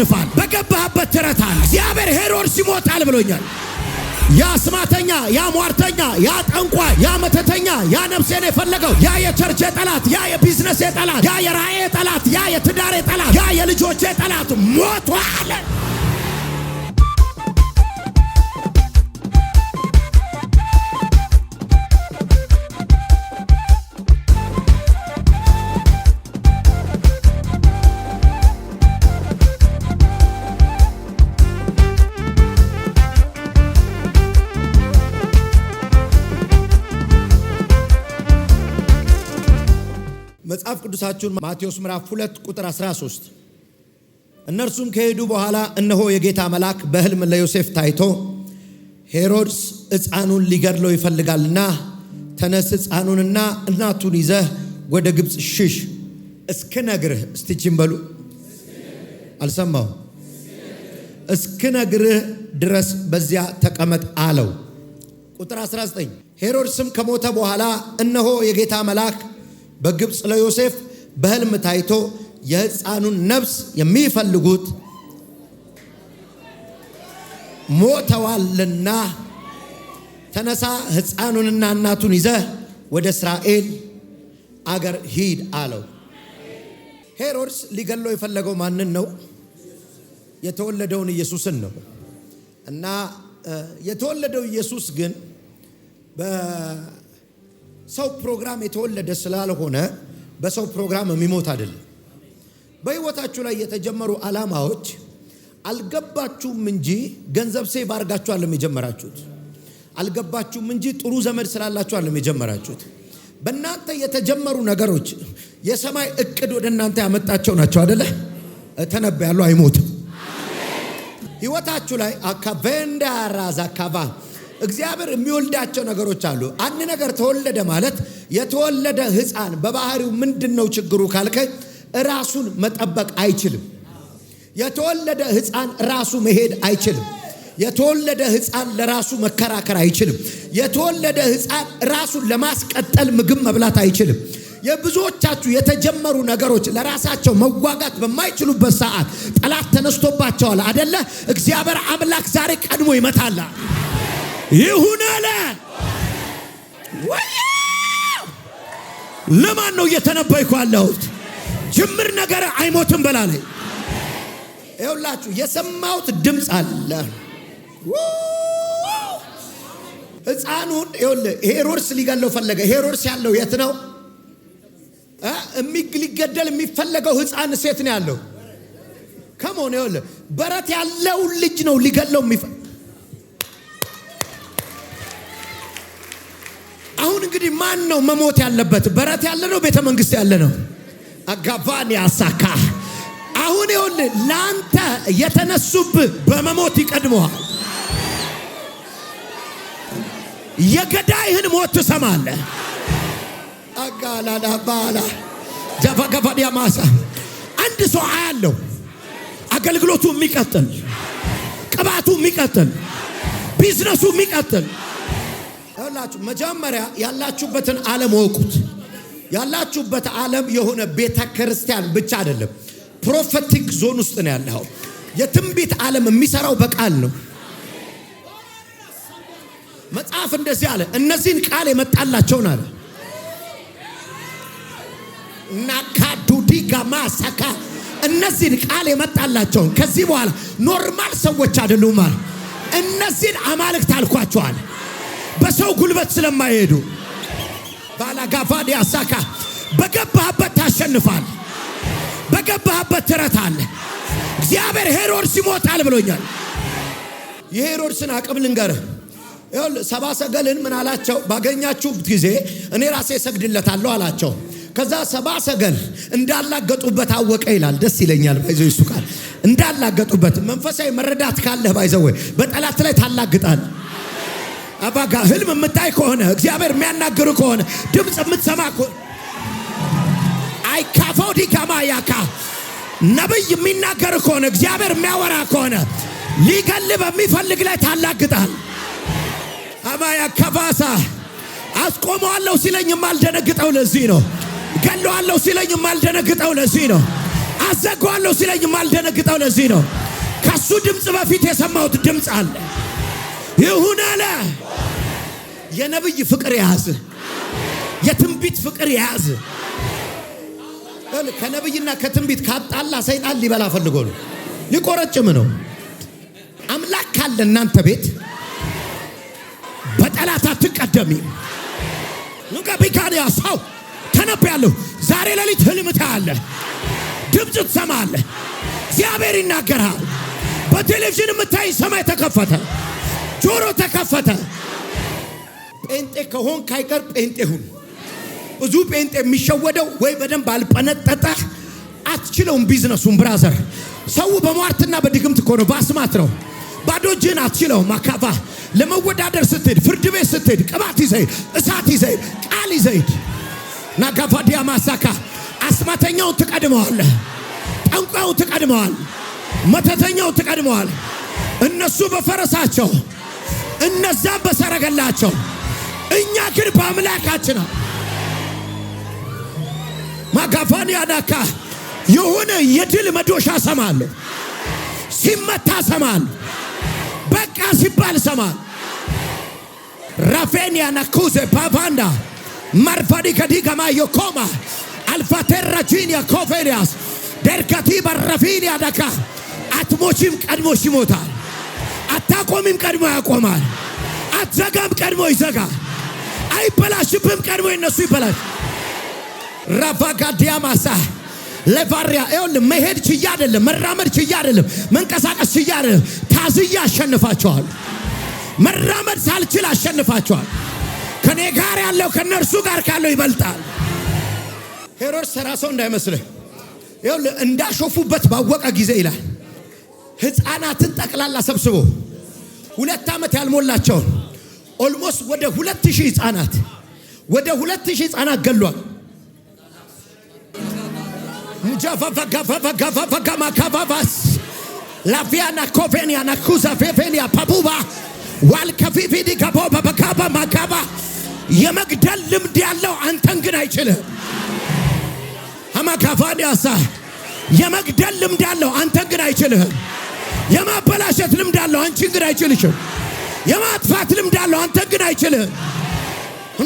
ያሸንፋል። በገባህበት ትረታል። እግዚአብሔር ሄሮድስ ይሞታል ብሎኛል። ያ ስማተኛ፣ ያ ሟርተኛ፣ ያ ጠንቋይ፣ ያ መተተኛ፣ ያ ነፍሴን የፈለገው፣ ያ የቸርቼ ጠላት፣ ያ የቢዝነሴ ጠላት፣ ያ የራእዬ ጠላት፣ ያ የትዳሬ ጠላት፣ ያ የልጆቼ ጠላት ሞቷል። መጽሐፍ ቅዱሳችሁን ማቴዎስ ምዕራፍ 2 ቁጥር 13 እነርሱም ከሄዱ በኋላ እነሆ የጌታ መልአክ በሕልም ለዮሴፍ ታይቶ ሄሮድስ ሕፃኑን ሊገድለው ይፈልጋልና ተነስ፣ ሕፃኑንና እናቱን ይዘህ ወደ ግብፅ ሽሽ እስክነግርህ። እስቲችን በሉ አልሰማው እስክነግርህ ድረስ በዚያ ተቀመጥ አለው። ቁጥር 19 ሄሮድስም ከሞተ በኋላ እነሆ የጌታ መልአክ በግብፅ ለዮሴፍ በህልም ታይቶ የህፃኑን ነፍስ የሚፈልጉት ሞተዋልና ተነሳ፣ ህፃኑንና እናቱን ይዘህ ወደ እስራኤል አገር ሂድ አለው። ሄሮድስ ሊገለው የፈለገው ማንን ነው? የተወለደውን ኢየሱስን ነው። እና የተወለደው ኢየሱስ ግን ሰው ፕሮግራም የተወለደ ስላልሆነ በሰው ፕሮግራም የሚሞት አይደለም። በህይወታችሁ ላይ የተጀመሩ አላማዎች አልገባችሁም እንጂ ገንዘብ ሴቭ አድርጋችሁ አለም የጀመራችሁት። አልገባችሁም እንጂ ጥሩ ዘመድ ስላላችሁ አለም የጀመራችሁት። በእናንተ የተጀመሩ ነገሮች የሰማይ እቅድ ወደ እናንተ ያመጣቸው ናቸው አደለ? ተነበያሉ አይሞትም። ህይወታችሁ ላይ አካቬንዳ ራዛ አካባ እግዚአብሔር የሚወልዳቸው ነገሮች አሉ። አንድ ነገር ተወለደ ማለት የተወለደ ሕፃን በባህሪው ምንድን ነው ችግሩ ካልከ ራሱን መጠበቅ አይችልም። የተወለደ ሕፃን ራሱ መሄድ አይችልም። የተወለደ ሕፃን ለራሱ መከራከር አይችልም። የተወለደ ሕፃን ራሱን ለማስቀጠል ምግብ መብላት አይችልም። የብዙዎቻችሁ የተጀመሩ ነገሮች ለራሳቸው መዋጋት በማይችሉበት ሰዓት ጠላት ተነስቶባቸዋል አደለ? እግዚአብሔር አምላክ ዛሬ ቀድሞ ይመታላል። ይሁን አለ። ለማን ነው እየተነበይኩ አለሁት? ጅምር ነገር አይሞትም በላለኝ። ይኸውላችሁ የሰማሁት ድምፅ አለ። ሕፃኑን ይኸውልህ ሄሮድስ ሊገለው ፈለገ። ሄሮድስ ያለው የት ነው? ሊገደል የሚፈለገው ህፃን ሴት ነው ያለው። ከመሆን ይኸውልህ በረት ያለውን ልጅ ነው ሊገለው የሚፈ አሁን እንግዲህ ማን ነው መሞት ያለበት? በረት ያለ ነው? ቤተ መንግስት ያለ ነው? አጋባን ያሳካ አሁን ይሁን ለአንተ የተነሱብ በመሞት ይቀድመዋል። የገዳይህን ሞት ትሰማለ አጋላላባላ ጃፋጋፋዲያ ማሳ አንድ ሰው አያለው። አገልግሎቱ የሚቀጥል ቅባቱ የሚቀጥል ቢዝነሱ የሚቀጥል ሁላችሁ መጀመሪያ ያላችሁበትን ዓለም ወቁት። ያላችሁበት ዓለም የሆነ ቤተ ክርስቲያን ብቻ አይደለም፣ ፕሮፌቲክ ዞን ውስጥ ነው ያለው። የትንቢት ዓለም የሚሰራው በቃል ነው። መጽሐፍ እንደዚህ አለ፣ እነዚህን ቃል የመጣላቸውን አለ ናካዱዲጋማ ሳካ እነዚህን ቃል የመጣላቸውን ከዚህ በኋላ ኖርማል ሰዎች አይደሉም አለ። እነዚህን አማልክት አልኳቸዋል በሰው ጉልበት ስለማይሄዱ ባላጋፋድ ያሳካ በገባህበት ታሸንፋል። በገባህበት ትረት አለ። እግዚአብሔር ሄሮድስ ይሞታል ብሎኛል። የሄሮድስን አቅም ልንገርህ። ሰባ ሰገልን ምን አላቸው? ባገኛችሁት ጊዜ እኔ ራሴ ሰግድለታለሁ አላቸው። ከዛ ሰባ ሰገል እንዳላገጡበት አወቀ ይላል። ደስ ይለኛል። ባይዘ ይሱ ቃል እንዳላገጡበት መንፈሳዊ መረዳት ካለህ ባይዘወ በጠላት ላይ ታላግጣል። አባጋ ህልም የምታይ ከሆነ እግዚአብሔር የሚያናግር ከሆነ ድምፅ የምትሰማ ከሆነ አይካፋው ዲካማ ያካ ነብይ የሚናገር ከሆነ እግዚአብሔር የሚያወራ ከሆነ ሊገል በሚፈልግ ላይ ታላግጣል። አማያ ከባሳ አስቆመዋለሁ ሲለኝ የማልደነግጠው ለዚህ ነው። ገለዋለሁ ሲለኝ የማልደነግጠው ለዚህ ነው። አዘጋዋለሁ ሲለኝ የማልደነግጠው ለዚህ ነው። ከሱ ድምፅ በፊት የሰማሁት ድምፅ አለ። ይሁን አለ። የነብይ ፍቅር የያዝ የትንቢት ፍቅር የያዝ ከነብይና ከትንቢት ካጣላ ሰይጣን ሊበላ ፈልጎ ነው፣ ሊቆረጭም ነው። አምላክ ካለ እናንተ ቤት በጠላት አትቀደሚ። ንቀቢካንያ ሳው ተነብ ያለሁ ዛሬ ሌሊት ህልም ታያለህ፣ ድምፅ ትሰማለህ፣ እግዚአብሔር ይናገርሃል። በቴሌቪዥን የምታይ ሰማይ ተከፈተ። ጆሮ ተከፈተ። ጴንጤ ከሆን ካይቀር ጴንጤ ሁን። ብዙ ጴንጤ የሚሸወደው ወይ በደንብ አልጠነጠጠ አትችለውም። ቢዝነሱን ብራዘር፣ ሰው በሟርትና በድግምት ከሆነ በአስማት ነው። ባዶ እጅህን አትችለውም። አካፋ ለመወዳደር ስትሄድ፣ ፍርድ ቤት ስትሄድ፣ ቅባት ይዘይድ፣ እሳት ይዘይድ፣ ቃል ይዘይድ። ናጋፋዲያ ማሳካ አስማተኛውን ትቀድመዋል፣ ጠንቋዩን ትቀድመዋል፣ መተተኛው ትቀድመዋል። እነሱ በፈረሳቸው እነዛ በሰረገላቸው፣ እኛ ግን በአምላካችን ማጋፋን ያዳካ የሆነ የድል መዶሻ ሰማለሁ። ሲመታ ሰማለሁ። በቃ ሲባል ራፌን ያናኩዘ ከዲገማ የኮማ በረፊን ያዳካ አትሞችም ቀድሞች ይሞታል። አታቆሚም፣ ቀድሞ ያቆማል። አትዘጋም፣ ቀድሞ ይዘጋ አይበላሽብም፣ ቀድሞ የነሱ ይበላሽ። ራቫጋዲያ ማሳ ለቫሪያ ይሁን መሄድ ችያ አይደለም፣ መራመድ ችያ አይደለም፣ መንቀሳቀስ ችያ አይደለም። ታዝያ አሸንፋቸዋል። መራመድ ሳልችል አሸንፋቸዋል። ከኔ ጋር ያለው ከነርሱ ጋር ካለው ይበልጣል። ሄሮድስ ሰራ ሰው እንዳይመስልህ ይሁን እንዳሾፉበት ባወቀ ጊዜ ይላል ህፃናትን ጠቅላላ ሰብስቦ ሁለት ዓመት ያልሞላቸውን ኦልሞስት ወደ ሁለት ሺህ ህጻናት ወደ ሁለት ሺህ ህጻናት ገሏል። ጃቫቫጋቫጋቫጋማካቫቫስ ፓቡባ ጋቦ በበካባ ማካባ የመግደል ልምድ ያለው አንተን ግን አይችልም። የመግደል ልምድ ያለው አንተን ግን አይችልህም። የማበላሸት ልምድ አለው፣ አንቺን ግን አይችልሽም። የማጥፋት ልምድ አለው፣ አንተን ግን አይችልህም።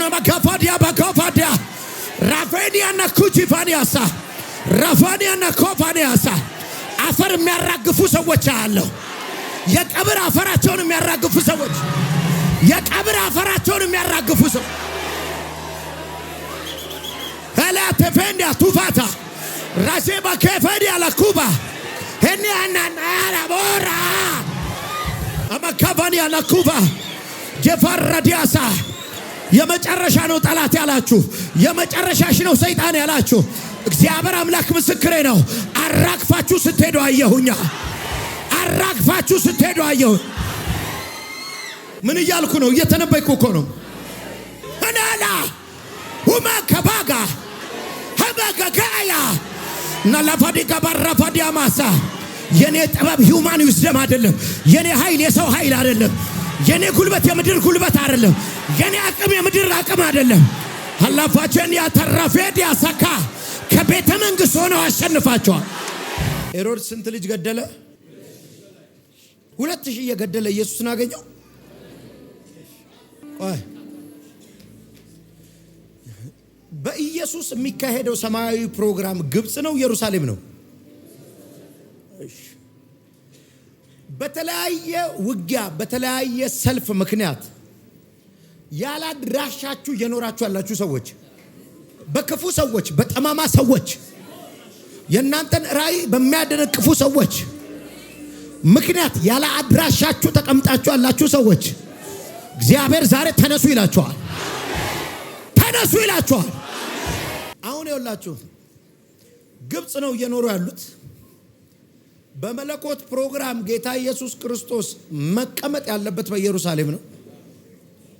ነመካፋዲያ በካፋዲያ ራፌኒያና ኩጂፋኒያሳ ራፋኒያና ኮፋኒያሳ አፈር የሚያራግፉ ሰዎች አለው። የቀብር አፈራቸውን የሚያራግፉ ሰዎች የቀብር አፈራቸውን የሚያራግፉ ሰው ላ ቴፌንዲያ ቱፋታ ራሴ ባኬፌዲያ ለኩባ heniananayaravora አማካቫን ያላኩባ ጀፋረዲያሳ የመጨረሻ ነው ጠላት ያላችሁ፣ የመጨረሻሽ ነው ሰይጣን ያላችሁ፣ እግዚአብሔር አምላክ ምስክሬ ነው። አራግፋችሁ ስትሄዱ አየሁኛ። አራግፋችሁ ስትሄዱ አየሁ። ምን እያልኩ ነው? እየተነበይኩ እኮ ነው። እናላ ሁማ ከባጋ ሀበገጋያ ናላፋዲ ጋባራፋዲ አማሳ የኔ ጥበብ ሂውማን ዊዝደም አይደለም። የኔ ኃይል የሰው ኃይል አይደለም። የኔ ጉልበት የምድር ጉልበት አይደለም። የኔ አቅም የምድር አቅም አይደለም። ሀላፋቸን ያተራፌድ ያሰካ ከቤተ መንግሥት ሆነው አሸንፋቸዋል። ሄሮድስ ስንት ልጅ ገደለ? ሁለት ሺህ እየገደለ ኢየሱስን አገኘው። በኢየሱስ የሚካሄደው ሰማያዊ ፕሮግራም ግብፅ ነው፣ ኢየሩሳሌም ነው። በተለያየ ውጊያ፣ በተለያየ ሰልፍ ምክንያት ያላድራሻችሁ እየኖራችሁ ያላችሁ ሰዎች፣ በክፉ ሰዎች፣ በጠማማ ሰዎች፣ የእናንተን ራዕይ በሚያደነቅፉ ሰዎች ምክንያት ያለ አድራሻችሁ ተቀምጣችሁ ያላችሁ ሰዎች እግዚአብሔር ዛሬ ተነሱ ይላችኋል። ተነሱ ይላችኋል። አሁን የውላችሁ ግብፅ ነው እየኖሩ ያሉት። በመለኮት ፕሮግራም ጌታ ኢየሱስ ክርስቶስ መቀመጥ ያለበት በኢየሩሳሌም ነው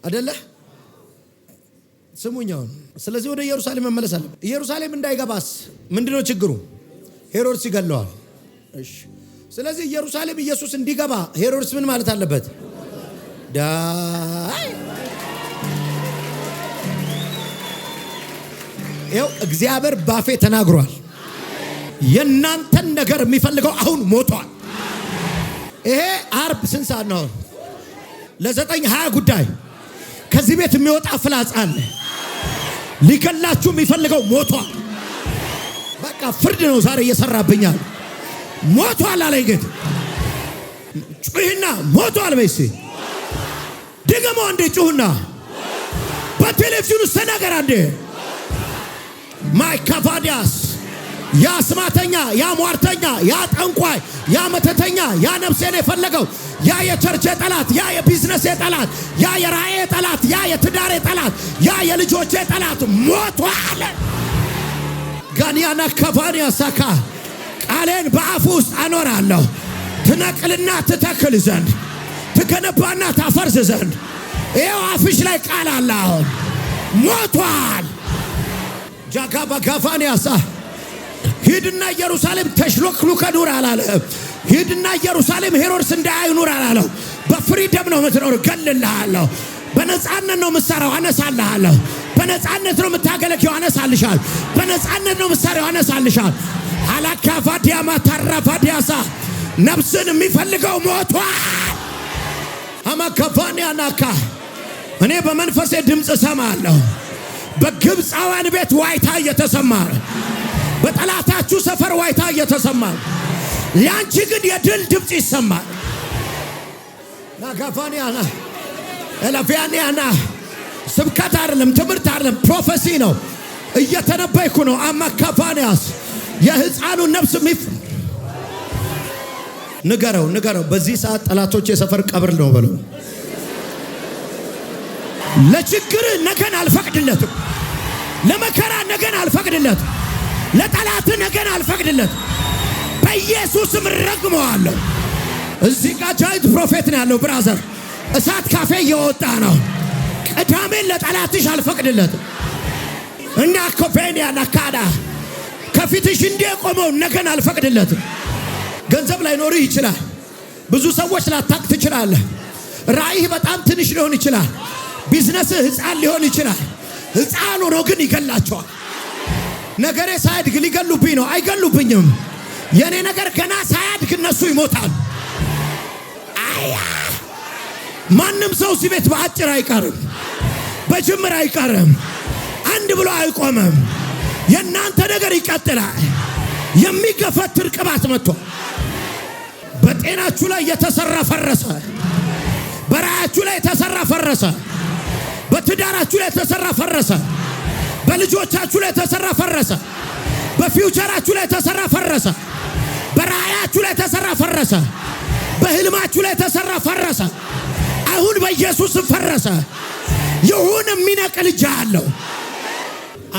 አደለ? ስሙኝ አሁን። ስለዚህ ወደ ኢየሩሳሌም መመለስ አለ ኢየሩሳሌም እንዳይገባስ ምንድነው ችግሩ? ሄሮድስ ይገለዋል። እሺ ስለዚህ ኢየሩሳሌም ኢየሱስ እንዲገባ ሄሮድስ ምን ማለት አለበት? ዳይ ይኸው እግዚአብሔር ባፌ ተናግሯል። የእናንተን ነገር የሚፈልገው አሁን ሞቷል። ይሄ አርብ ስንት ሰዓት ነው? ለዘጠኝ ሀያ ጉዳይ ከዚህ ቤት የሚወጣ ፍላጻ አለ። ሊገላችሁ የሚፈልገው ሞቷል። በቃ ፍርድ ነው ዛሬ እየሰራብኛል። ሞቷል አለኝ ጌታ። ጩህና ሞቷል በይስ ድገሞ አንዴ ጩህና በቴሌቪዥን ውስጥ ተናገር አንዴ ማይካፋዲያስ ያ ስማተኛ፣ ያ ሟርተኛ፣ ያ ጠንቋይ፣ ያ መተተኛ፣ ያ ነፍሴን የፈለገው ያ የቸርቼ ጠላት፣ ያ የቢዝነሴ ጠላት፣ ያ የራእዬ ጠላት፣ ያ የትዳሬ ጠላት፣ ያ የልጆቼ ጠላት ሞቷል። ጋንያና ከባንያ ሳካ ቃሌን በአፉ ውስጥ አኖራለሁ። ትነቅልና ትተክል ዘንድ ትገነባና ታፈርስ ዘንድ ይኸው አፍሽ ላይ ቃል አለ። አሁን ሞቷል። ጃጋባ ጋፋን ያሳ ሂድና ኢየሩሳሌም ተሽሎክሉከ ኑር አላለ። ሂድና ኢየሩሳሌም ሄሮድስ እንዳያዩ ኑር አላለሁ። በፍሪደም ነው የምትኖር፣ እገልልሃለሁ። በነፃነት ነው የምትሰራው፣ አነሳልሃለሁ። በነፃነት ነው የምታገለግለው፣ አነሳልሻል። በነፃነት ነው የምትሰራው፣ አነሳልሻል። አላካፋዲያማ ታራፋዲያሳ ነፍስን የሚፈልገው ሞቷል። አማካፋንያናካ እኔ በመንፈሴ ድምፅ እሰማለሁ። በግብፃውያን ቤት ዋይታ እየተሰማ በጠላታችሁ ሰፈር ዋይታ እየተሰማ ያንቺ ግን የድል ድምፅ ይሰማል። ላጋፋኒያና ኤላፊያኒያና ስብከት አይደለም፣ ትምህርት አይደለም፣ ፕሮፌሲ ነው። እየተነበይኩ ነው። አማካፋኒያስ የህፃኑን ነፍስ ሚፍ ንገረው፣ ንገረው። በዚህ ሰዓት ጠላቶች የሰፈር ቀብር ነው በለው ለችግር ነገን አልፈቅድለትም። ለመከራ ነገን አልፈቅድለትም። ለጠላት ነገን አልፈቅድለትም። በኢየሱስም ረግመዋለሁ። እዚህ ጋር ጃይንት ፕሮፌት ነው ያለው። ብራዘር እሳት ካፌ እየወጣ ነው። ቅዳሜን ለጠላትሽ አልፈቅድለትም። እና ኮፔንያ ናካዳ ከፊትሽ እንዲህ የቆመው ነገን አልፈቅድለትም። ገንዘብ ላይኖርህ ይችላል። ብዙ ሰዎች ላታቅ ትችላለህ። ራእይህ በጣም ትንሽ ሊሆን ይችላል። ቢዝነስህ ህፃን ሊሆን ይችላል። ህፃን ሆኖ ግን ይገላቸዋል። ነገሬ ሳያድግ ሊገሉብኝ ነው። አይገሉብኝም። የእኔ ነገር ገና ሳያድግ እነሱ ይሞታል። አያ ማንም ሰው እዚህ ቤት በአጭር አይቀርም፣ በጅምር አይቀርም፣ አንድ ብሎ አይቆምም። የእናንተ ነገር ይቀጥላል። የሚገፈትር ቅባት መጥቶ በጤናችሁ ላይ የተሰራ ፈረሰ። በስራችሁ ላይ የተሰራ ፈረሰ። በትዳራችሁ ላይ የተሰራ ፈረሰ። በልጆቻችሁ ላይ የተሰራ ፈረሰ። በፊውቸራችሁ ላይ የተሰራ ፈረሰ። በራእያችሁ ላይ የተሰራ ፈረሰ። በህልማችሁ ላይ የተሰራ ፈረሰ። አሁን በኢየሱስ ፈረሰ። ይሁን የሚነቅል እጅ አለው።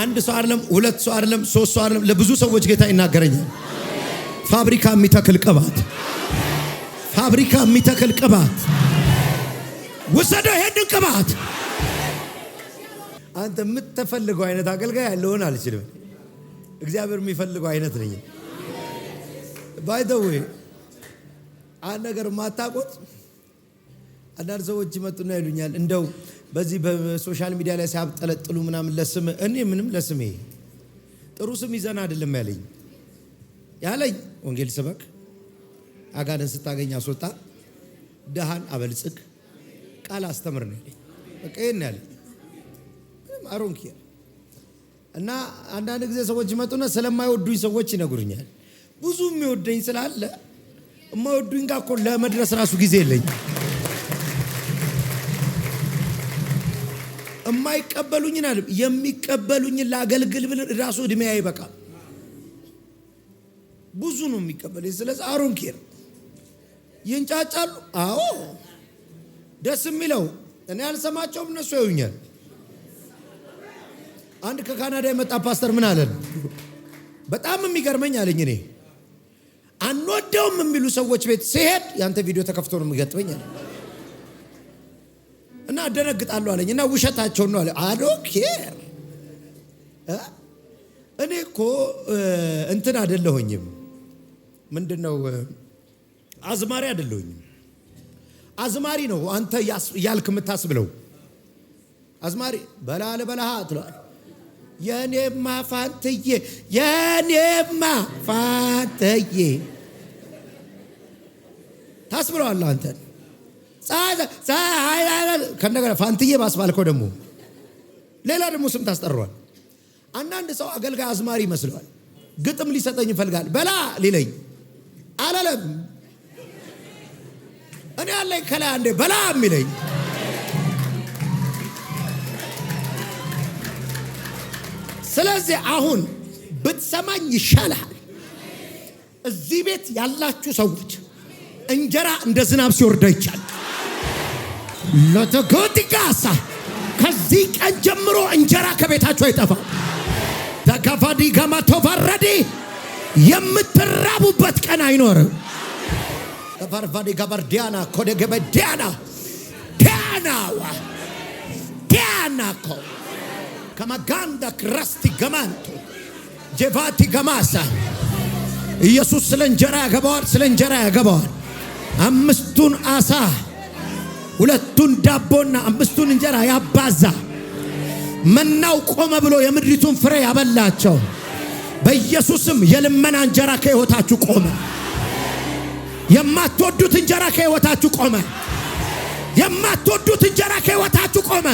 አንድ ሰው አይደለም፣ ሁለት ሰው አይደለም፣ ሶስት ሰው አይደለም። ለብዙ ሰዎች ጌታ ይናገረኛል። ፋብሪካ የሚተክል ቅባት ፋብሪካ የሚተክል ቅባት ውሰደው ይሄንን ቅባት። አንተ የምትፈልገው አይነት አገልጋይ ያለውን አልችልም። እግዚአብሔር የሚፈልገው አይነት ነኝ። ባይተዌ አንድ ነገር ማታቆት አንዳንድ ሰዎች ይመጡና ይሉኛል እንደው በዚህ በሶሻል ሚዲያ ላይ ሲያብጠለጥሉ ምናምን ለስም እኔ ምንም ለስሜ ጥሩ ስም ይዘን አይደለም ያለኝ ያለኝ ወንጌል ስበክ፣ አጋንንት ስታገኝ አስወጣ፣ ድሃን አበልጽግ ቃል አስተምር ነው ያለኝ። በቃ ይሄን ያለኝ አሮንክ እና አንዳንድ ጊዜ ሰዎች ይመጡና ስለማይወዱኝ ሰዎች ይነግሩኛል። ብዙ የሚወደኝ ስላለ የማይወዱኝ ጋር እኮ ለመድረስ ራሱ ጊዜ የለኝ። የማይቀበሉኝን አለ የሚቀበሉኝን ለአገልግል ብል ራሱ እድሜ አይበቃም። ብዙ ነው የሚቀበሉኝ። ስለዚህ አሮንኬር ይንጫጫሉ። አዎ ደስ የሚለው እኔ አልሰማቸውም፣ እነሱ ያዩኛል። አንድ ከካናዳ የመጣ ፓስተር ምን አለን? በጣም የሚገርመኝ አለኝ። እኔ አንወደውም የሚሉ ሰዎች ቤት ሲሄድ ያንተ ቪዲዮ ተከፍቶ ነው የሚገጥመኝ አለ እና እደነግጣለሁ አለኝ። እና ውሸታቸው ነው አለ አዶኬር እኔ እኮ እንትን አደለሁኝም፣ ምንድነው አዝማሪ አደለሁኝም አዝማሪ ነው። አንተ ያልክ የምታስብለው አዝማሪ በላለ በላሃ ትለዋል። የኔማ ፋንትዬ የኔማ ፋንትዬ ታስብለዋለህ አንተን ከእንደገና ፋንትዬ ባስባልከው ደግሞ ሌላ ደግሞ ስም ታስጠሯል። አንዳንድ ሰው አገልጋይ አዝማሪ ይመስለዋል። ግጥም ሊሰጠኝ ይፈልጋል። በላ ሊለኝ አላለም እኔ ያለኝ ከላይ አንዴ በላ የሚለኝ ስለዚህ አሁን ብትሰማኝ ይሻልሃል። እዚህ ቤት ያላችሁ ሰዎች እንጀራ እንደ ዝናብ ሲወርድ ይቻል ለተጎቲጋሳ ከዚህ ቀን ጀምሮ እንጀራ ከቤታችሁ አይጠፋም። ተከፋዲ ከመቶ ፈረዴ የምትራቡበት ቀን አይኖርም። Varvani Gabardiana, Kodegebediana, Diana, Dianaco, Kamaganda Krasti Gamanto, Jevati Gamasa, ኢየሱስ ስለ እንጀራ ያገባዋል፣ ስለ እንጀራ ያገባዋል። አምስቱን አሳ ሁለቱን ዳቦና አምስቱን እንጀራ ያባዛ መናው ቆመ ብሎ የምድሪቱን ፍሬ ያበላቸው በኢየሱስም የልመና እንጀራ ከሕይወታችሁ ቆመ። የማትወዱት እንጀራ ከህይወታችሁ ቆመ። የማትወዱት እንጀራ ከህይወታችሁ ቆመ።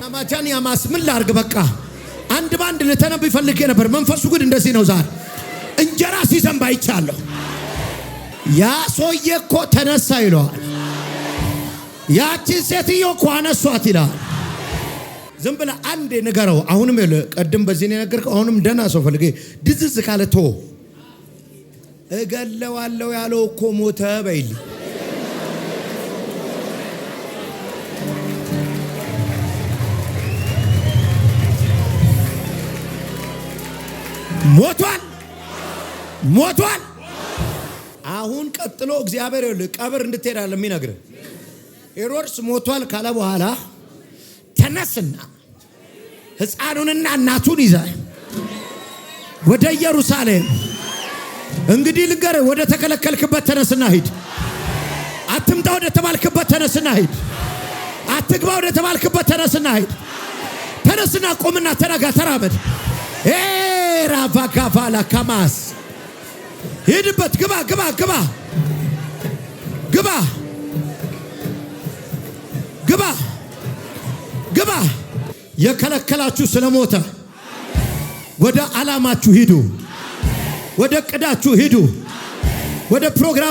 ናማጃን ያማስ ምን ላርግ? በቃ አንድ በአንድ ልተነብ ይፈልግ ነበር። መንፈሱ ግን እንደዚህ ነው። ዛሬ እንጀራ ሲዘንብ አይቻለሁ። ያ ሰውዬ እኮ ተነሳ ይለዋል። ያቺን ሴትዮ እኮ አነሷት ይለዋል። ዝም ብለህ አንድ ንገረው። አሁንም ቅድም በዚህ ነገር አሁንም ደህና ሰው ፈልጌ ድዝዝ ካለ ቶ እገለዋለሁ ያለው እኮ ሞተ በይል ሞቷል ሞቷል። አሁን ቀጥሎ እግዚአብሔር ይኸውልህ ቀብር እንድትሄዳለህ የሚነግር ሄሮድስ ሞቷል ካለ በኋላ ተነስና ሕፃኑንና እናቱን ይዘህ ወደ ኢየሩሳሌም እንግዲህ ልገር ወደ ተከለከልክበት ተነስና ሂድ። አትምጣ ወደ ተባልክበት ተነስና ሂድ። አትግባ ወደ ተባልክበት ተነስና ሂድ። ተነስና ቆምና ተረጋ፣ ተራመድ። ራቫጋቫላ ካማስ ሂድበት። ግባ ግባ ግባ ግባ ግባ ግባ። የከለከላችሁ ስለሞተ ወደ ዓላማችሁ ሂዱ። ወደ እቅዳችሁ ሂዱ። ወደ ፕሮግራም